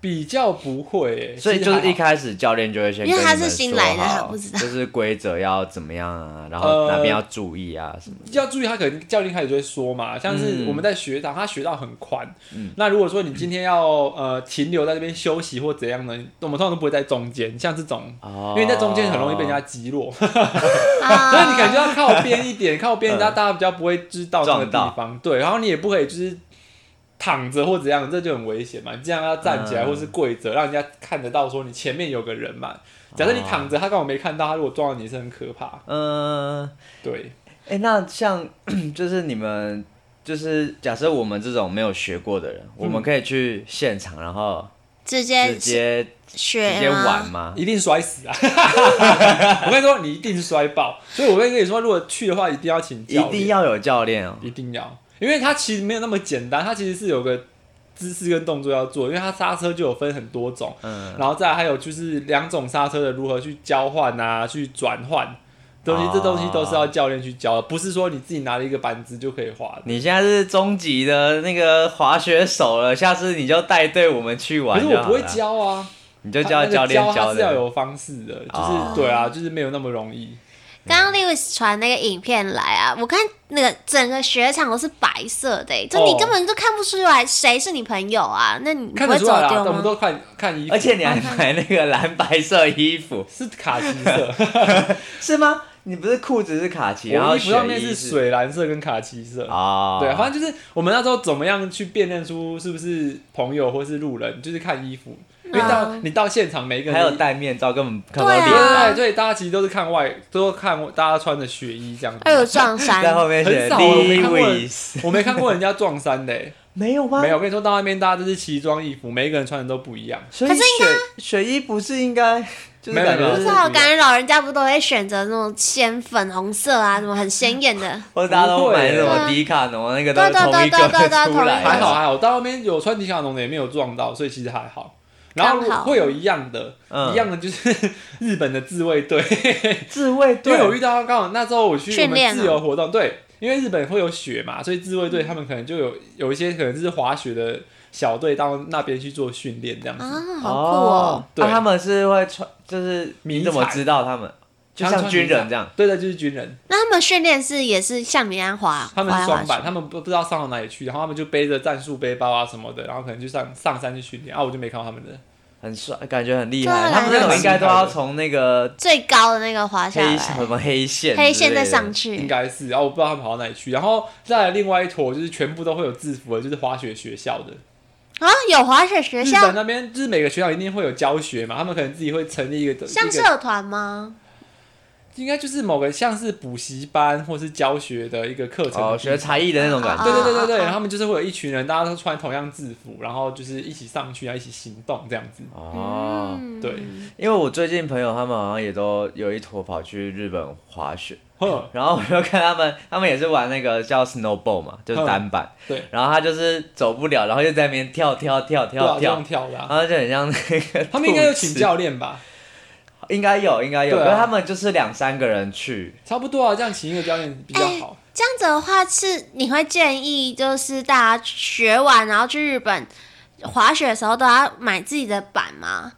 比較不會、欸，所以就是一開始教練就會先因為他是新來的，就是規則要怎麼樣啊，然後哪邊要注意啊什麼的、呃？要注意，他可能教練開始就會說嘛，像是我們在雪道、嗯，他雪道很寬、嗯，那如果說你今天要、嗯、呃停留在這邊休息或怎樣呢？我們通常都不會在中間，像這種，哦、因為在中間很容易被人家擊落，哦、 所以你感覺要靠邊一點、嗯、一點，靠邊，人、嗯、家大家比較不會知道這個地方，對，然後你也不可以就是。躺着或者怎樣，這就很危險嘛。你這樣要站起來，或是跪着、嗯，讓人家看得到，說你前面有個人嘛。假設你躺着，他剛好沒看到，他如果撞到你，是很可怕。嗯，對。哎、欸，那像就是你們，就是假設我們這種沒有學過的人、嗯，我們可以去現場，然後直接直接學，直接玩嗎？一定摔死啊！ 我跟你說，你一定是摔爆。所以，我跟你說，如果去的話，一定要請，一定要有教練哦，一定要。因為它其實沒有那麼簡單，它其實是有個姿勢跟動作要做。因為它剎車就有分很多種、嗯，然後再還有就是兩種剎車的如何去交換啊，去轉換東西、哦，這東西都是要教練去教的，不是說你自己拿了一個板子就可以滑的。你現在是中級的那個滑雪手了，下次你就帶隊我們去玩。可是我不會教啊，你就教教練教的，教是要有方式的、哦，就是對啊，就是沒有那麼容易。剛、嗯、剛 Liwis 傳那個影片來啊，我看那個整個雪場都是白色的、欸，就你根本就看不出來誰是你朋友啊？哦、那你會走掉嗎？看得出來了、啊，我們都看看衣服，而且你還買那個藍白色衣服，啊、是卡其色， 是嗎？你不是褲子是卡其，我衣服上面是水藍色跟卡其色啊、哦。對，好像就是我們那時候怎麼樣去辨認出是不是朋友或是路人，就是看衣服。因為到、嗯、你到現場，每一個人還有戴面罩，根本看不到臉。對、啊、對，所以大家其實都是看外，都看大家穿的雪衣這樣子。還有撞衫 在後面寫，很少有看 我沒看過人家撞衫的、欸，沒有嗎、啊、沒有，我跟你說，到那邊大家都是奇裝異服，每一個人穿的都不一樣。可是應該，雪衣不是應該？就是,感覺是沒,有沒有。不是，我感覺老人家不都會選擇那種鮮粉紅色啊，什麼很鮮豔的。 或者大家都買會買什麼迪卡儂那個的同一個出來？還好還好，到那邊有穿迪卡儂的也沒有撞到，所以其實還好。然後會有一樣的、嗯，一樣的就是日本的自衛隊，自衛隊，因為我遇到剛好那時候我去我們，自由活動，啊、對，因為日本會有雪嘛，所以自衛隊他們可能就有有一些可能就是滑雪的小隊到那邊去做訓練這樣子、哦，好酷哦！那、啊、他們是會穿就是，你怎麼知道他們？像軍人這樣，這樣對的，就是軍人。那他們訓練是也是像你一樣，滑，他們雙板，他們不不知道上到哪裡去，然後他們就背着戰術背包啊什麼的，然後可能就上上山去訓練啊。我就沒看到他們的，很帥，感覺很厲害對、啊。他們那種應該都要從那個、啊、最高的那個滑下來，什麼黑線，黑線再上去，應該是。然後、啊、我不知道他們跑到哪裡去。然後再來另外一坨就是全部都會有制服的，就是滑雪學校的啊，有滑雪學校日本，那邊就是每個學校一定會有教學嘛，他們可能自己會成立一個像社團嗎？應該就是某個像是補習班或是教學的一個課程，學才藝的那種感覺。對對對對對，哦、他們就是會有一群人，大家都穿同樣制服，然後就是一起上去，一起行動這樣子。哦，對，因為我最近朋友他們好像也都有一坨跑去日本滑雪，然後我就看他們，他們也是玩那個叫 snowboard 嘛，就是單板。對。然後他就是走不了，然後就在那邊跳跳跳跳跳、啊、跳、啊、然後就很像那個。他們應該有請教練吧？應該有，應該有，不過、啊、他們就是兩三個人去，差不多啊，這樣請一個教練比較好、欸。這樣子的話是，是你會建議就是大家學完然後去日本滑雪的時候都要買自己的板嗎？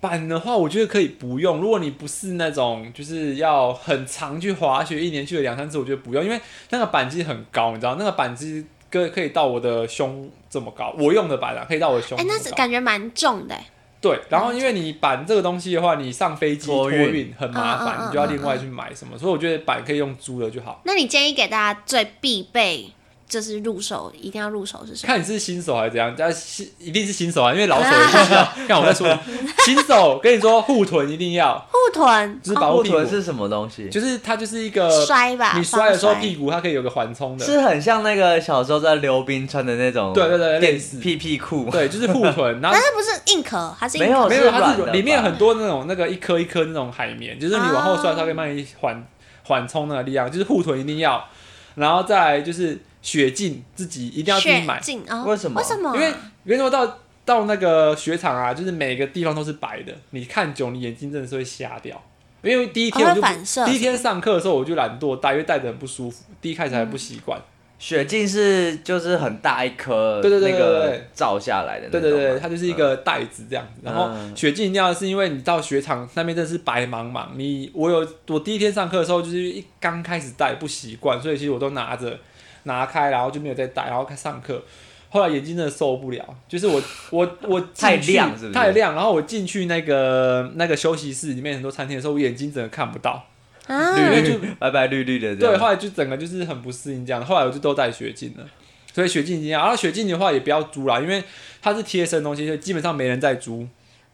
板的話，我覺得可以不用。如果你不是那種就是要很常去滑雪，一年去了兩三次，我覺得不用，因為那個板子很高，你知道那個板子可可以到我的胸這麼高。我用的板子、啊、可以到我的胸這麼高，哎、欸，那是感覺蠻重的、欸。對，然後因為你板這個東西的話，你上飛機托運、嗯、很麻煩，你就要另外去買什麼，啊啊啊啊啊，所以我覺得板可以用租的就好。那你建議給大家最必備？這是入手，一定要入手是什麼？ 看你是新手還是怎樣？但、啊、是一定是新手啊，因為老手不需要。看 我、啊啊啊、在說新手、啊，跟你說護臀一定要護臀，就是護臀、哦、臀是什麼東西？就是它就是一個摔吧，你摔的時候屁股它可以有個緩衝的，是很像那個小時候在溜冰穿的那種電視對對對，屁屁褲， 對，就是護臀。然後 但是不是硬殼還是硬沒有沒有它是裡面很多那種那個一顆一顆那種海綿，就是你往後摔它可以幫你緩緩衝的力量，就是護臀一定要，然後再來就是。雪鏡自己一定要自己買，為什麼？為什麼？因為比如說，到到那個雪場啊，就是每個地方都是白的，你看久，你眼睛真的是會瞎掉。因為第一天我就、哦、第一天上課的時候我就懶惰戴，因為戴着很不舒服，第一開始還不習慣、嗯。雪鏡是就是很大一顆，對對對，那個照下來的，對對，對對對，它就是一個袋子這樣子。嗯、然後雪鏡一定要是因為你到雪場那邊真的是白茫茫，你我有我第一天上課的時候就是一剛開始戴不習慣，所以其實我都拿着。拿開，然後就沒有再戴，然後開上課。後來眼睛真的受不了，就是我我我太亮是、是，太亮。然後我進去那個那個休息室裡面很多餐廳的時候，我眼睛整個看不到，裡、啊、面就白白綠綠的。對，後來就整個就是很不適應這樣。後來我就都戴雪鏡了，所以雪鏡一樣。然後雪鏡的話也不要租了，因為它是貼身東西，就基本上沒人在租。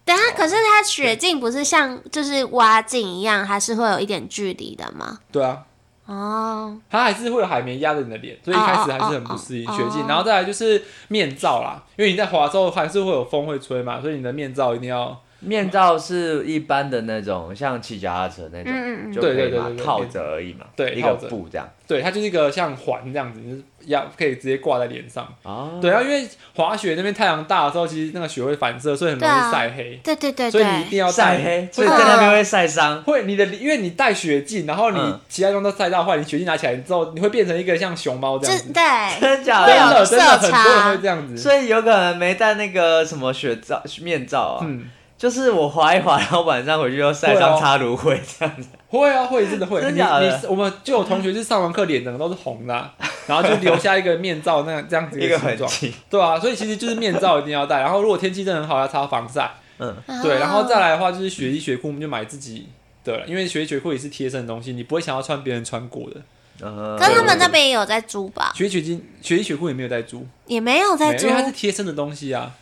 對啊，可是它雪鏡不是像就是蛙鏡一樣，還是會有一點距離的嗎？對啊。哦，它還是會有海綿壓着你的臉，所以一開始還是很不適應雪鏡，oh, oh, oh, oh, oh, oh. 然後再來就是面罩啦，因為你在滑的時候還是會有風會吹嘛，所以你的面罩一定要。面罩是一般的那種，像騎腳踏車那種，嗯、就對，對對對，套着而已嘛。對，一個布這樣。對，它就是一個像環這樣子，就是要可以直接掛在臉上。哦、啊。對啊，因為滑雪那邊太陽大的時候，其實那個雪會反射，所以很容易曬黑。對、啊、對，對，對對。所以你一定要曬黑，所以在那邊會曬傷。啊、會，你的因為你戴雪鏡，然後你其他地方都曬到壞，你雪鏡拿起來之後，你會變成一個像熊貓這樣子、嗯。對。真的，真的，真的，很多人會這樣子。所以有可能沒戴那個什麼雪罩面罩啊。嗯。就是我滑一滑，然後晚上回去就曬傷，擦蘆薈這樣子、哦。 會啊，會真的會。你真的假的？我們就有同學就是上完課臉整個都是紅的、啊，然後就留下一個面罩那， 那這樣子一個形狀。一個很對啊，所以其實就是面罩一定要戴。然後如果天氣真的很好，要擦防曬。嗯。對，然後再來的話就是雪衣雪褲，我們就買自己的了，因為雪衣雪褲也是貼身的東西，你不會想要穿別人穿過的。嗯。可是他們那邊也有在租吧？雪衣雪、雪衣雪褲也沒有在租，也沒有在租，因為它是貼身的東西啊。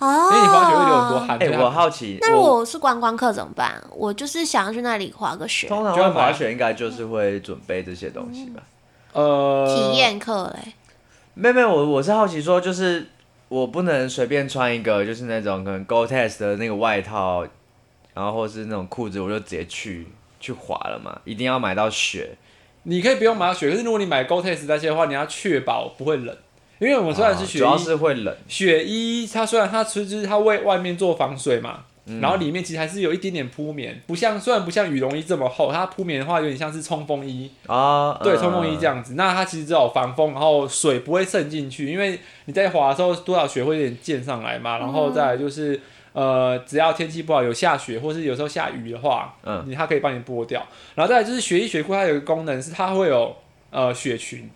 哦，哎，你滑雪會有很多汗。哎、欸，我好奇，那如果我是觀光客怎麼辦我？我就是想要去那裡滑個雪。通常滑雪應該就是會準備這些東西吧？嗯、呃，體驗課嘞？妹妹，我我是好奇說，就是我不能隨便穿一個，就是那種可能 Gore-Tex 的那個外套，然後或是那種褲子，我就直接去去滑了嘛？一定要買到雪？你可以不用買到雪，可是如果你買 Gore-Tex 那些的話，你要確保不會冷。因為我們雖然是雪衣，主要是會冷。雪衣它雖然它其實就是它為外面做防水嘛、嗯，然後裡面其實還是有一點點鋪棉，不像雖然不像羽絨衣這麼厚，它鋪棉的話有點像是衝鋒衣啊，對、嗯、衝鋒衣這樣子。那它其實只有防風，然後水不會滲進去，因為你在滑的時候多少雪會有點濺上來嘛。然後再來就是、嗯、呃，只要天氣不好有下雪，或是有時候下雨的話，嗯，你它可以幫你撥掉。然後再來就是雪衣雪褲，它有一個功能是它會有呃雪裙。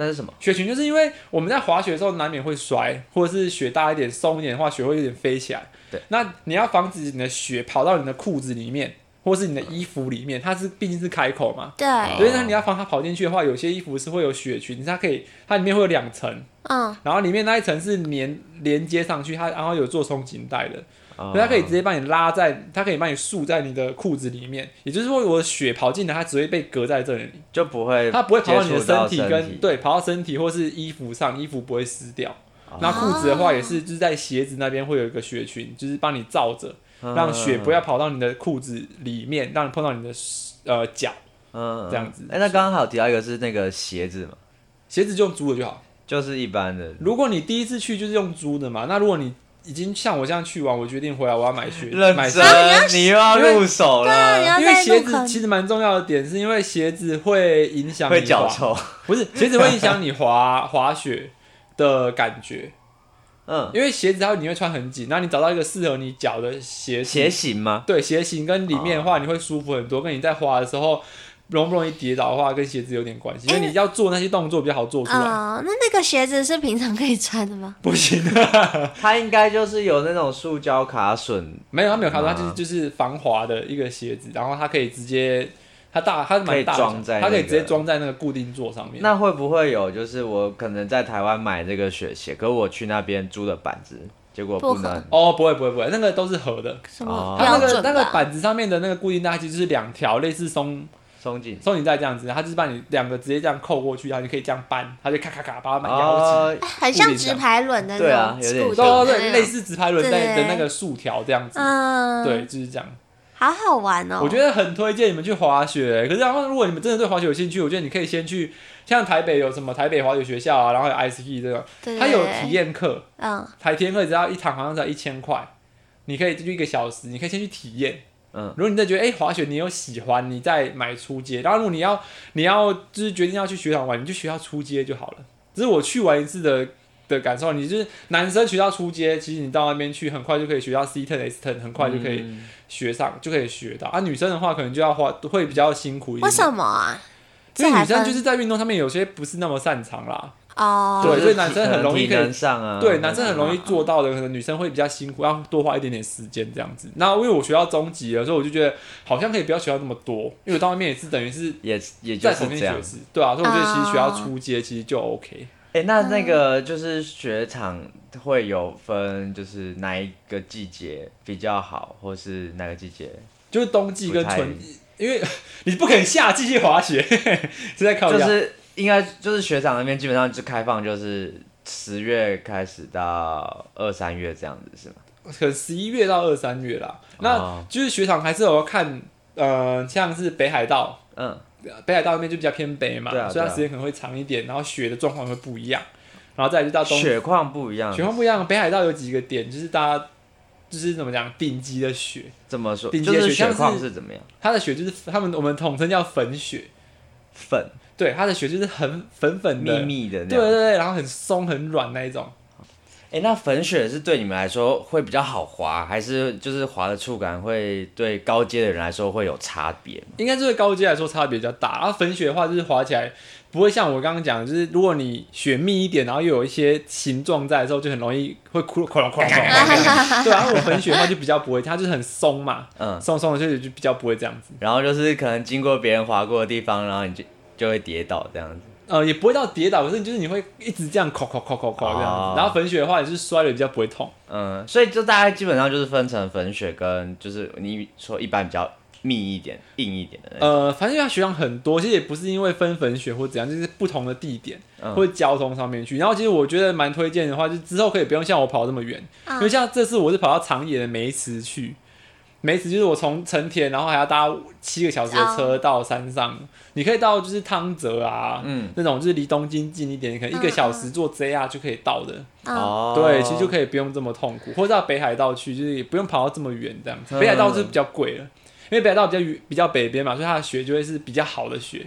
那是什麼？雪裙就是因為我們在滑雪的時候難免會摔，或者是雪大一點、鬆一點的話，雪會有點飛起來。對，那你要防止你的雪跑到你的褲子裡面，或是你的衣服裡面。嗯、它是畢竟是開口嘛，對，所以呢，你要防它跑進去的話，有些衣服是會有雪裙，它可以它裡面會有兩層，嗯，然後裡面那一層是連連接上去，它然後有做鬆緊帶的。Oh. 它可以直接把你拉在，它可以幫你束在你的褲子裡面。也就是說，我的雪跑進來，它只會被隔在這裡，就不會，它不會跑到你的身體跟，跟身體對，跑到身體或是衣服上，衣服不會濕掉。Oh. 那褲子的話，也是就是在鞋子那邊會有一個雪裙，就是幫你罩着，讓雪不要跑到你的褲子裡面，讓你碰到你的呃腳，嗯，oh. 這樣子。欸、那剛剛好提到一個是那個鞋子嘛，鞋子就用租的就好，就是一般的。如果你第一次去就是用租的嘛，那如果你。已經像我這樣去玩，我決定回來，我要買鞋，認真買鞋、啊、你，要，你又要入手了因，因為鞋子其實蠻重要的點，是因為鞋子會影響你，會腳臭不是鞋子會影響你滑 滑雪的感覺，嗯，因為鞋子它你會穿很緊，那你找到一個適合你腳的鞋型鞋型嗎？對，鞋型跟裡面的話，你會舒服很多，哦，跟你在滑的時候。容不容易跌倒的話，跟鞋子有點關係，因為你要做那些動作比較好做出來。啊、欸呃，那那個鞋子是平常可以穿的嗎？不行、啊，它應該就是有那種塑膠卡榫。沒有，它沒有卡榫、啊，它就是就是防滑的一個鞋子，然後它可以直接，它大，它是蠻大的可以在、那個，它可以直接裝在那個固定座上面。那會不會有就是我可能在台灣買這個雪鞋，可我去那邊租的板子，結果不能、不合？哦，不會不會不會，那個都是合的。哦，它那個那個板子上面的那個固定帶就是兩條類似鬆。鬆緊鬆緊帶這樣子，它就是把你兩個直接這樣扣過去，然後你可以這樣扳，它就咔咔咔把它扳掉、啊。很像直排輪的那種，對啊，對，類似直排輪的那個豎條這樣子，嗯，對，就是這樣，好好玩哦，我覺得很推薦你們去滑雪。可是然後如果你們真的對滑雪有興趣，我覺得你可以先去，像台北有什麼台北滑雪學校啊，然後有 ICE 這種對，它有體驗課，嗯，體驗課你知道一堂好像才一千塊，你可以進去一個小時，你可以先去體驗。嗯，如果你在覺得哎滑雪你有喜歡，你再買初階。然後如果你要你要就是決定要去學堂玩，你就學到初階就好了。只是我去玩一次的的感受，你就是男生學到初階，其實你到那邊去很快就可以學到 C turn S turn，很快就可以學上就可以學到啊。而女生的話可能就要花會比較辛苦一點。為什麼啊？因為女生就是在運動上面有些不是那麼擅長啦。哦、oh，對，所以男生很容易跟上啊。對，男生很容易做到的，可能女生會比較辛苦，要多花一點點時間這樣子。那因為我學到中級了，所以我就覺得好像可以不要學到那麼多，因為到外面也是等於是在時也也就重新學，對啊。所以我覺得其實學到初階其實就 OK。哎、uh, 欸，那那個就是雪場會有分，就是哪一個季節比較好，或是哪個季節？就是冬季跟春，因為你不可能夏季去滑雪， 就是在考量。 應該就是雪場那邊基本上就開放，就是十月開始到二三月這樣子，是嗎？可十一月到二三月啦、哦。那就是雪場還是有要看，呃，像是北海道，嗯，北海道那邊就比較偏北嘛，對啊對啊，所以它時間可能會長一點，然後雪的狀況會不一樣，然後再來就到東，雪況不一樣，雪況不一樣。北海道有幾個點，就是大家就是怎麼講頂級的雪，怎麼說？頂級的雪況、就是、是怎麼樣？它的雪就是他們我們統稱叫粉雪，粉。對，它的雪就是很粉粉密密的，對對對，然後很鬆很軟那一種。哎，那粉雪是對你們來說會比較好滑，還是就是滑的觸感會對高階的人來說會有差別？應該是對高階來說差別比較大。然後粉雪的話，就是滑起來不會像我剛剛講的，就是如果你雪密一點，然後又有一些形狀在的時候，就很容易會窟窿窟窿窟窿。對，然後粉雪的話就比較不會，它就是很鬆嘛，嗯，鬆鬆的就就比較不會這樣子。然後就是可能經過別人滑過的地方，然後你就。就會跌倒這樣子，呃，也不會到跌倒，可是就是你會一直這樣扣扣扣扣扣這樣子，oh. 然後粉雪的話，也是摔了比較不會痛，嗯，所以就大家基本上就是分成粉雪跟就是你說一般比較密一點、硬一點的。呃，反正它雪量很多，其實也不是因為分粉雪或怎樣，就是不同的地點、嗯、或者交通上面去。然後其實我覺得蠻推薦的話，就之後可以不用像我跑這麼遠，oh. 因為像這次我是跑到長野的梅池去，沒死，就是我從成田，然後還要搭七個小時的車到山上。Oh. 你可以到就是湯澤啊，嗯，那種就是離東京近一點，嗯、你可能一個小時坐 JR 就可以到的。哦、嗯，對、嗯，其實就可以不用這麼痛苦、嗯，或者到北海道去，就是也不用跑到這麼遠這樣、嗯。北海道是比較貴的，因為北海道比較遠，比較北邊嘛，所以它的雪就會是比較好的雪，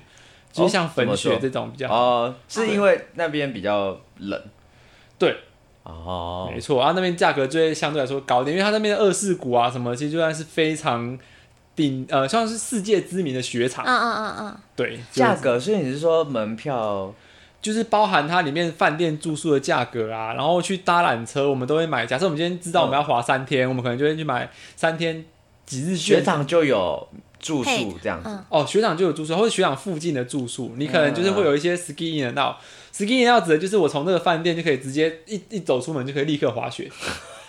就是像粉雪這種比較好。哦、嗯，是因為那邊比較冷，對。哦，哦，哦沒錯，沒、啊、錯，然後那邊價格就會相對來說高一點，因為它那邊的二世谷啊什麼，其實就算是非常頂，呃，算是世界知名的雪場。嗯嗯嗯嗯，對，價格、就是，所以你是說門票就是包含它裡面飯店住宿的價格啊，然後去搭纜車，我們都會買。假設我們今天知道我們要滑三天，嗯、我們可能就會去買三天幾日雪場就有。住、hey, 宿這樣子哦，雪場就有住宿，或者雪場附近的住宿。嗯，你可能就是會有一些 ski in and out，嗯、ski in and out 指的就是我從這個飯店就可以直接一一走出門就可以立刻滑雪。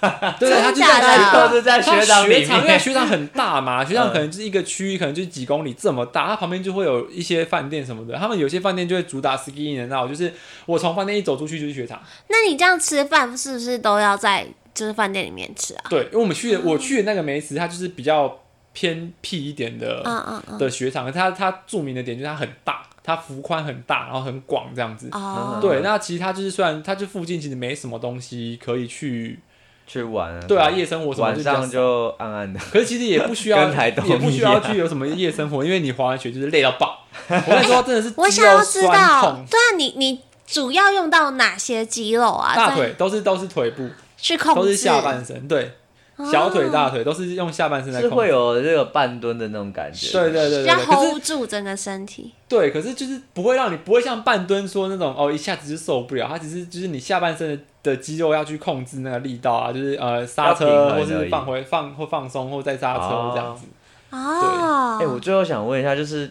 嗯、 對對、啊，他就是，在雪場裡面雪場，因為雪場很大嘛。嗯、雪場可能就是一個區域，可能就幾公里這麼大，他旁邊就會有一些飯店什麼的。他們有些飯店就會主打 ski in and out，就是我從飯店一走出去就是雪場。那你這樣吃飯是不是都要在就是飯店裡面吃啊？對，因為我們去的、嗯、我去的那個梅子，它就是比較。偏僻一點的 uh, uh, uh. 的雪場，它它著名的點就是它很大，它幅寬很大，然後很廣這樣子。Oh. 對，那其實它就是雖然它這附近其實沒什麼東西可以去去玩，對啊，夜生活什麼就這樣，晚上就暗暗的。可是其實也不需要也不需要去有什麼夜生活，因為你滑完雪就是累到爆。 我跟你說，真的是肌肉酸痛、欸、我想要知道，對啊，你你主要用到哪些肌肉啊？大腿都是都是腿部，去控制都是下半身對。小腿、大腿、哦、都是用下半身的，是會有這個半蹲的那種感覺。對對對，對是要 hold 住整個身體。對，可是就是不會讓你不會像半蹲說那種哦，一下子就受不了。它只是就是你下半身的肌肉要去控制那個力道啊，就是呃剎車或是放回放或放鬆後再剎車這樣子。哦、對。哎、哦，欸，我最後想問一下，就是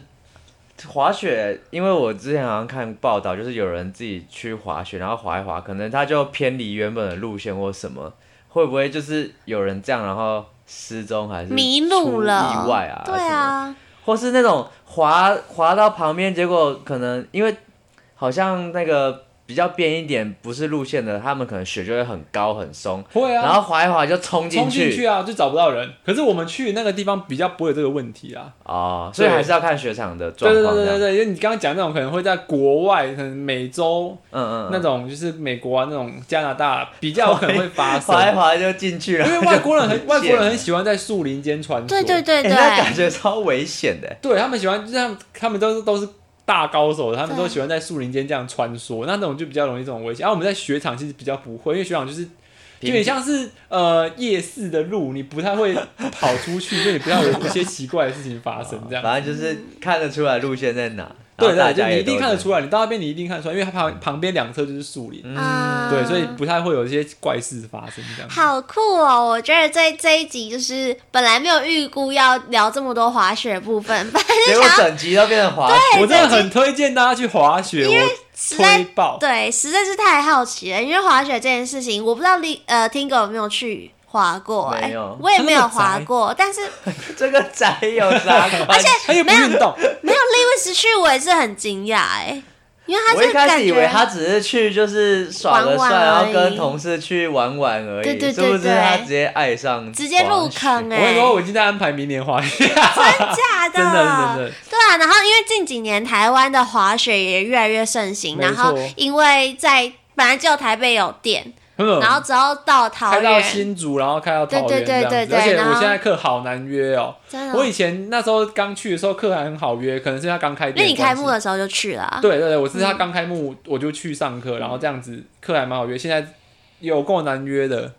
滑雪，因為我之前好像看報道，就是有人自己去滑雪，然後滑一滑，可能他就偏離原本的路線或什麼。會不會就是有人這樣，然後失蹤還是出、啊、迷路了意外啊？對啊，或是那種滑，滑到旁邊，結果可能因為好像那個。比較偏一點不是路線的，他們可能雪就會很高很鬆，會啊，然後滑一滑就衝進去，衝進去啊就找不到人。可是我們去那個地方比較不會有這個問題啊，哦，所以還是要看雪場的狀況。對對對對對，因為你剛剛講那種可能會在國外，可能美洲，嗯嗯，嗯，那種就是美國啊那種加拿大比較可能會發生，滑一滑，一滑就進去就了。因為外國人很外國人很喜歡在樹林間穿梭，對對對對，欸、那感覺超危險的。對他們喜歡這樣、就是，他們都都是。大高手，他們都喜歡在樹林間這樣穿梭，那那種就比較容易這種危險。然、啊、後我們在雪場其實比較不會，因為雪場就是有點像是呃夜市的路，你不太會跑出去， 所以你不要有一些奇怪的事情發生。 這樣，反正就是看得出來路線在哪。對對對，對就你一定看得出來，你到那邊你一定看得出來，嗯、因為它旁旁邊兩側就是樹林，嗯，對，所以不太會有一些怪事發生這樣。好酷哦！我覺得這這一集就是本來沒有預估要聊這麼多滑雪的部分，結果整集都變成滑雪。對我真的很推薦大家去滑雪，因為實在對實在是太好奇了。因為滑雪這件事情，我不知道你呃聽哥有沒有去。滑過哎、欸，我也沒有滑過，但是 這個宅有啥？而且沒有， 沒有 Liwis 去，我也是很驚訝哎、欸。因為他是，感覺他只是去就是耍帥玩玩，然後跟同事去玩玩而已，對對對對，是不是他直接愛上，直接入坑哎、欸！我跟你說，我已經在安排明年滑雪，真假的， 真的真的，對啊。然後因為近幾年台灣的滑雪也越來越盛行，然後因為在本來只有台北有店，然後只要到桃園，開到新竹，然後開到桃園這樣子，對對對對對。而且我現在課好難約哦、喔，我以前那時候剛去的時候課還很好約，可能是他剛開店。那你開幕的時候就去了、啊？對對對，我是他剛開幕我就去上課、嗯，然後這樣子課還蠻好約。現在有夠難約的。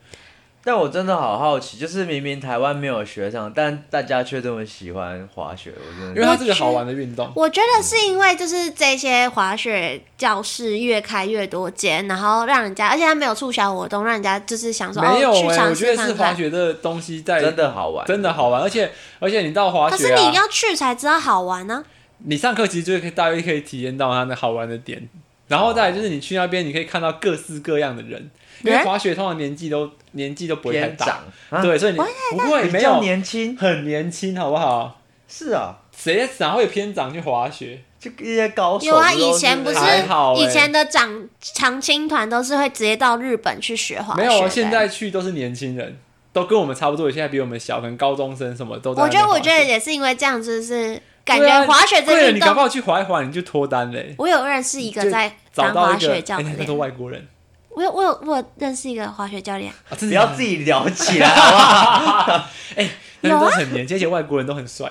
但我真的好好奇，就是明明台灣沒有雪場，但大家卻這麼喜歡滑雪，我真的覺得，因為它是個好玩的運動。我覺得是因為就是這些滑雪教室越開越多間、嗯，然後讓人家，而且它沒有促銷活動，讓人家就是想說，沒有、欸、去我覺得是滑雪的東西在、欸、真的好玩，真的好玩，而且而且你到滑雪、啊，可是你要去才知道好玩呢、啊。你上課其實就可以大約可以體驗到它的好玩的點，然後再來就是你去那邊，你可以看到各式各樣的人。因為滑雪通常年紀都年紀都不會太大長，對，所以你不會沒有年輕很年輕，好不好？是啊，誰，然後有偏長去滑雪，就一些高手都、就是、有啊，以前不是，以前的長長青團都是會直接到日本去學滑雪、欸。沒有，啊，現在去都是年輕人，都跟我們差不多，現在比我們小，可能高中生什麼都在。我覺得，我覺得也是因為這樣子，是感覺滑雪這運動，啊、你趕快去滑一滑，你就脫單嘞、欸。我有認識一個在當滑雪教練，他是、欸那個、外國人。我有我有我有認識一個滑雪教練，你、啊、要自己聊起來好嗎？哎、 欸，人都很年輕，啊、這些外國人都很帥。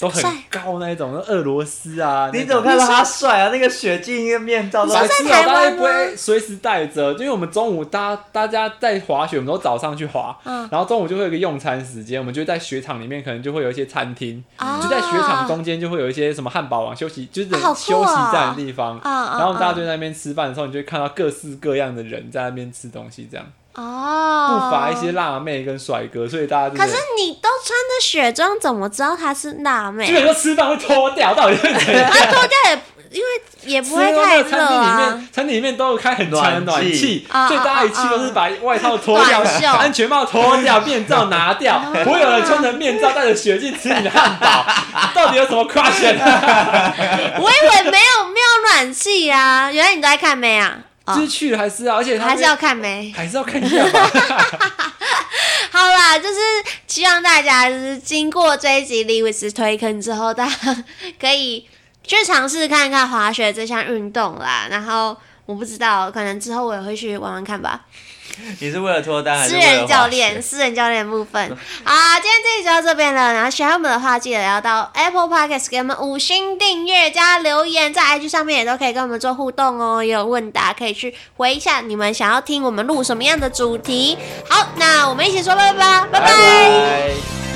都很高那一種，俄羅斯啊，你怎麼看到他帥啊？ 那個雪鏡、那個面罩都還大一是哦，他也不會隨時帶着？就因為我們中午大家大家在滑雪，我們都早上去滑，嗯、然後中午就會有一個用餐時間，我們就在雪場裡面，可能就會有一些餐廳、嗯，就在雪場中間就會有一些什麼漢堡王、啊、休息，就是休息站的地方，啊喔嗯、然後大家就在那邊吃飯的時候嗯嗯嗯，你就會看到各式各樣的人在那邊吃東西這樣。哦、oh，不乏一些辣妹跟帥哥，所以大家，就是。可是你都穿着雪裝，怎麼知道她是辣妹啊？基本上吃飯會脫掉，到底是怎樣？她、 啊、脫掉也，因為也不會太熱啊。那個，餐廳裡面 餐廳裡面都有開很暖的暖氣，最大一氣都是把外套脫掉， 安全帽脫掉，面罩拿掉。不會 有人穿着面罩戴着雪鏡吃你的漢堡， 到底有什麼 crush？ 我以為沒有沒有暖氣啊，原來你都在看沒啊？是去了還是啊，哦、而且他還是要看沒，還是要看一下吧。 好啦，就是希望大家就是經過這一集《Liwis 推坑》之後，大家可以去嘗試看看滑雪這項運動啦。然後我不知道，可能之後我也會去玩玩看吧。你是為了脫單了？私人教練，私人教練的部分 好，今天這集就到這邊了。然後喜歡我們的話，記得要到 Apple Podcast 給我們五星訂閱加留言，在 IG 上面也都可以跟我們做互動哦。也有問答可以去回一下，你們想要聽我們錄什麼樣的主題？好，那我們一起說拜拜吧，拜拜。Bye bye